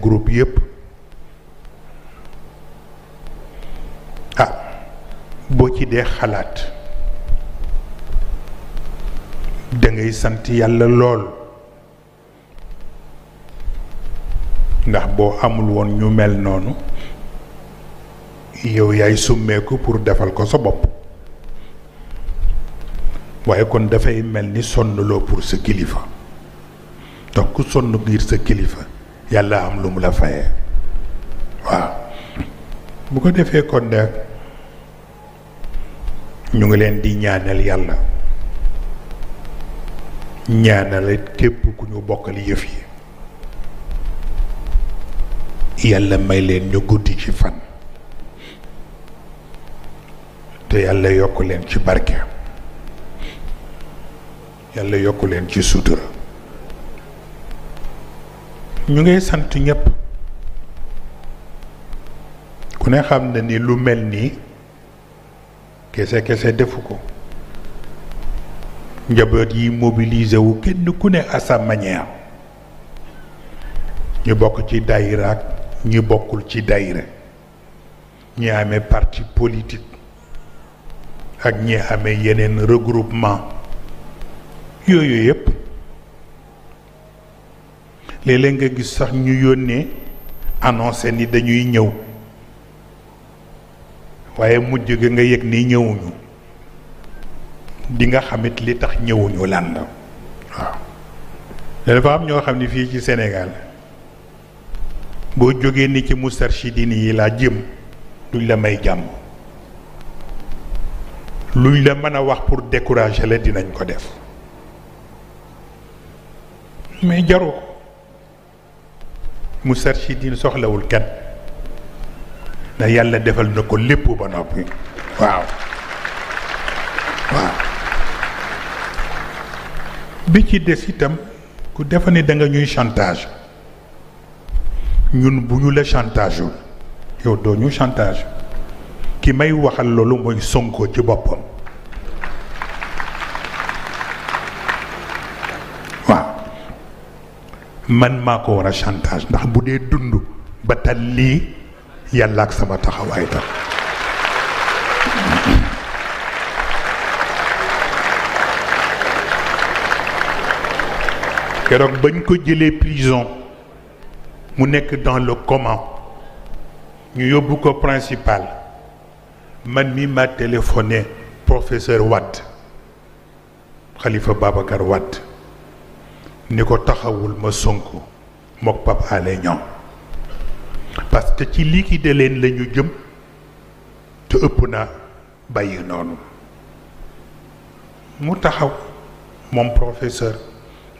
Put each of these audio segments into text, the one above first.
groupe yépp ah boo ci dee xalaat dangay sant yàlla lool ndax boo amul woon ñu mel noonu yow yaay summeeku pour defal ko sa bopp waaye kon dafay mel ni sonn loo pour sa kilifa donc ku sonn ngir sa kilifa yàlla am lu mu la fayee waaw bu ko defee kon nag ñu ngi leen di ñaanal yàlla ñaanal képp ku ñu bokkal yëf yi yàlla may leen ñu guddi ci fan te yàlla yokk leen ci barke yàlla yokk leen ci sutura ñu ngay sant ñëpp ku ne xam na ni lu mel nii kese kese defu ko njaboot yi mobilisé wu kenn ku ne à sa ñu bokk ci dayra ak ñu bokkul ci dayra ñi amee parti politique ak ñi amee yeneen regroupement yooyu yëpp léeg-léeg nga gis sax ñu yónnee annoncé ni dañuy ñëw waaye mujj gi nga yëg ni ñëwuñu di nga xamit li tax ñëwuñu lan la waaw dafa am ñoo xam ne fii ci senegal boo jógee ni ci Moustarchidine yi laa jëm luñ la may jàmm luñ la mën a wax pour décourager la dinañ ko def mais jaru ko mu Moustarchidine soxlawul kenn ndax yàlla defal na ko lépp ba noppi waaw waaw bi ci des itam ku defa ne da nga ñuy chantage ñun bu ñu la chantage yow doo ñu chantage ki may waxal loolu mooy Sonko ci boppam man maa ko war a chantage ndax bu dee dund ba tal lii yàlla ak sama taxawaay tax keroog bañ ko jëlee prison mu nekk dans le coma ñu yóbbu ko principal man mi ma téléphoné professeur Wade Khalifa Babacar Wade ni ko taxawul ma Sonko mook Pape Alé ñoom parce que ci de leen la ñu jëm te ëpp naa bàyyi noonu mu taxaw moom professeur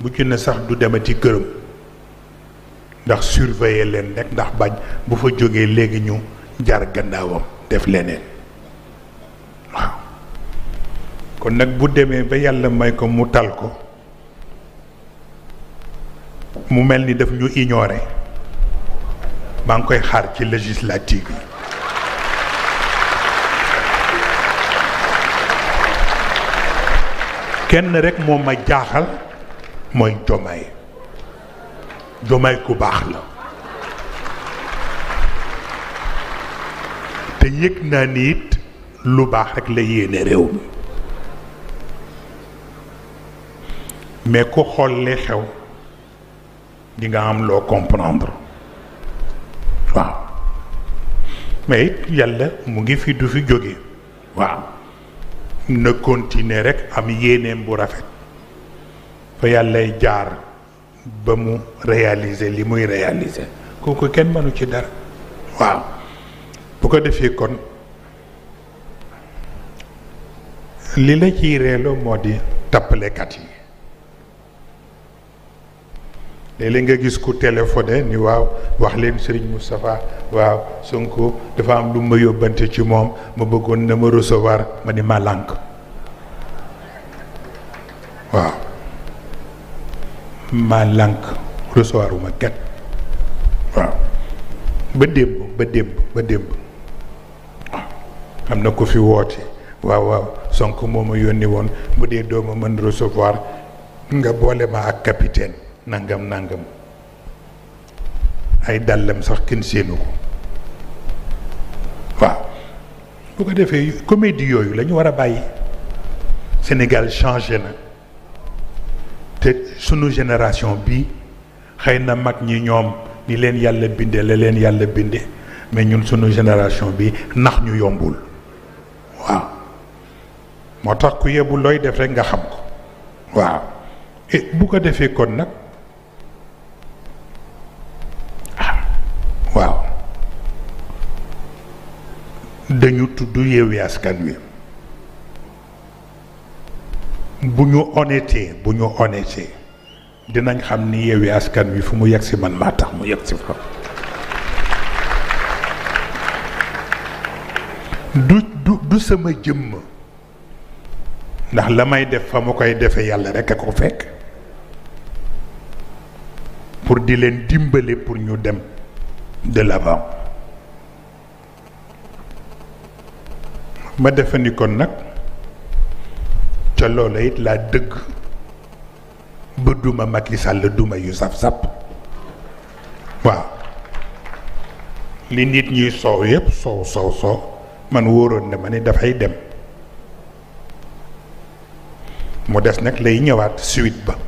bu na sax du demati gërëm ndax surveiller leen rek ndax bañ bu fa jógee léegi ñu jaar gannaawam def leneen waaw kon nag bu demee ba yàlla may ko mu tal ko mu mel ni daf ñu ignoré maa ngi koy xaar ci législative yi kenn rekk moo ma jaaxal mooy jomaay jomaay ku baax la te yëg naa ni lu baax rek la yéene réew mi mais ku xool li xew di nga am loo comprendre waaw mais yàlla mu ngi fi du fi jóge waaw na continuer rek am yéeneem bu rafet fa yàllay jaar ba mu réaliser li muy réaliser kooku kenn mënu ci dara waaw bu ko defee kon li la ciy reeloo moo di tappalekat yi léeg-léeg nga gis ku téléphoné ni waaw wax leen Serigne Moustapha waaw Sonko dafa am lu ma yóbbante ci moom ma bëggoon na ma recevoir ma ni ma lànk waaw ma lànk recevoir waaw ba démb ba démb ba démb am na ko fi woote waaw waaw Sonko moo ma yónni woon mu dee doo ma recevoir nga boole ma ak capitaine. nangam nangam ay dàllam sax kenn séenu ko waaw bu ko defee comédie yooyu lañu war a bàyyi Sénégal changé na te sunu génération bi xëy na mag ñi ñoom ni leen yàlla binde la leen yàlla binde mais ñun sunu génération bi nax ñu yombul waaw moo tax ku yebu looy def rekk nga xam ko waaw bu ko defee kon nag dañu tudd Yewwi Askan Wi bu ñu honnêté bu ñu honnêté dinañ xam ni Yewwi Askan Wi fu mu yegg si man maa tax mu yegg si fa du du sama jëmm ndax la may def fa mu koy defe yàlla rekk a ko fekk pour di leen dimbale pour ñu dem de ma defe ni kon nag ca loola it laa dëgg ba duma Macky Sall duma yu saf-sap waaw li nit ñuy soow yépp soow soow soow man wóoroon na ma ni dafay dem mu des nag lay ñëwaat suite ba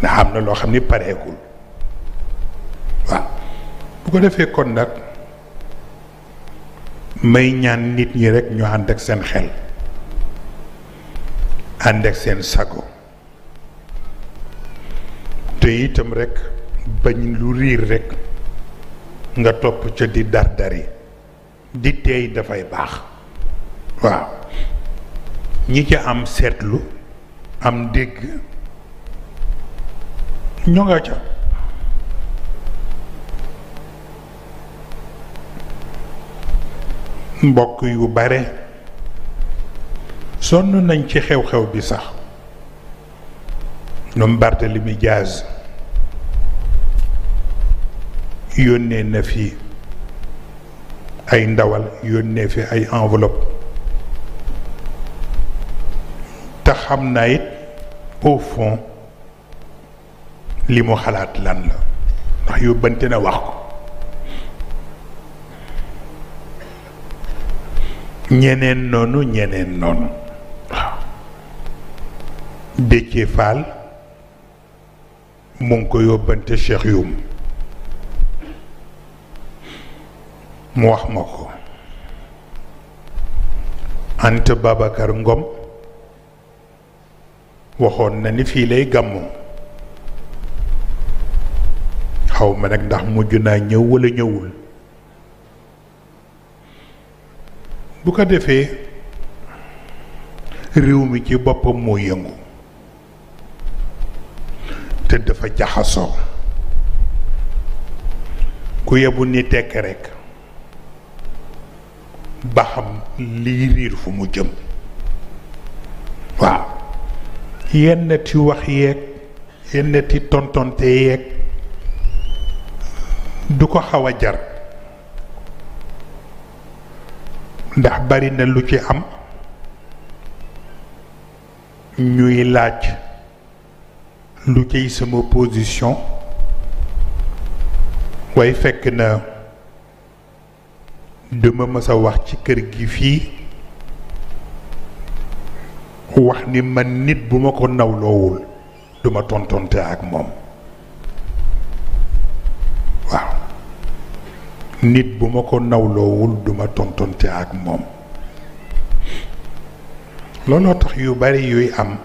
ndax am na loo xam ni pareegul waaw bu ko defee kon nag may ñaan nit ñi rekk ñu ànd ak seen xel ànd ak seen sago te itam rekk bañ lu riir rekk nga topp ca di dardari di tey dafay baax waaw ñi ca am seetlu am dégg ñoo nga ca mbokk yu bare sonn nañ ci xew-xew bi sax ñoom Barthélemy Diaz yónnee na fi ay ndawal yónnee fi ay enveloppe te xam naa it au fond li xalaat lan la ndax yóbbante na wax ko ñeneen noonu ñeneen noonu waaw Déthié Fall ko yóbbante Cheikh Youm mu wax ma ko Anta babakar Ngom waxoon na ni fii lay gàmmoo xawma nag ndax mujj naa ñëw walla ñëwul bu ko defee réew mi ci boppam moo yëngu te dafa jaxasoo ku yebu ni tekk rekk ba xam lii riir fu mu jëm waaw yenn ti wax yeeg yenn ti tontonte yeeg du ko xaw a jar ndax bari na lu ci am ñuy laaj lu ciy sama position way fekk na duma mës a wax ci kër gi fii wax ni man nit bu ma ko nawloowul duma tontonte ak moom nit bu ma ko nawloowul duma tontonte ak moom looloo tax yu bari yuy am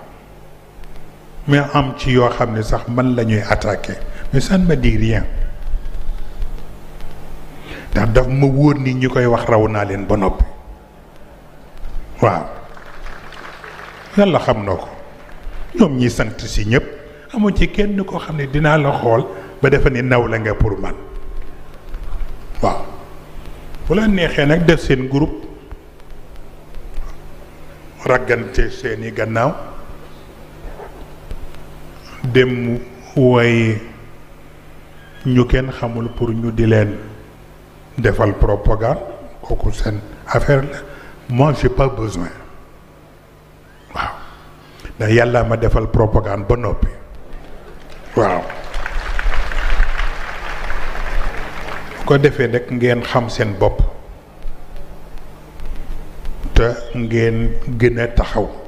mais am ci yoo xam ne sax man lañuy ñuy attaqué mais ça ne me rien ndax daf ma wóor ni ñi koy wax raw naa leen ba noppi waaw yàlla xam na ko ñoom ñi sant si ñëpp amu ci kenn koo xam ne dinaa la xool ba defa ne naw la nga pour man bu la neexee nag def seen groupe raggante seeni gannaaw dem woy ñu kenn xamul pour ñu di leen defal propagande kooku seen affaire la moi j'ai pas besoin waaw ndax yàlla ma defal propagande ba noppi waaw ko defee rekk ngeen xam seen bopp te ngeen gën taxaw